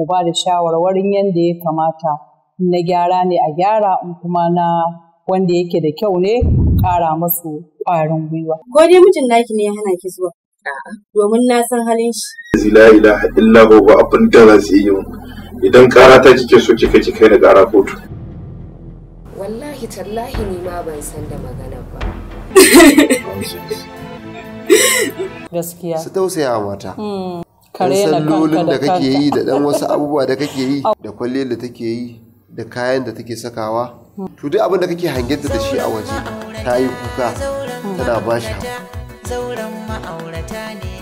ku ba da shawarwarin yadda ya kamata na gyara ne a gyara in kuma na wanda yake da kyau ne kara masu ƙwarin gwiwa. Ko dai mijin naki ne ya hana ki zuwa? Domin na san halin shi. La ilaha illa huwa abin da za su yi idan ƙara ta kike so kika kai daga ara kotu. Wallahi tallahi ni ma ban san da magana ba. Gaskiya. Su tausaya mata. Hmm. sallolin da kake yi da dan wasu abubuwa da kake yi da kwalliyar da take yi da kayan da take sakawa to duk abin da kake hangenta da shi a waje ta yi kuka tana bashi shi ma'aurata ne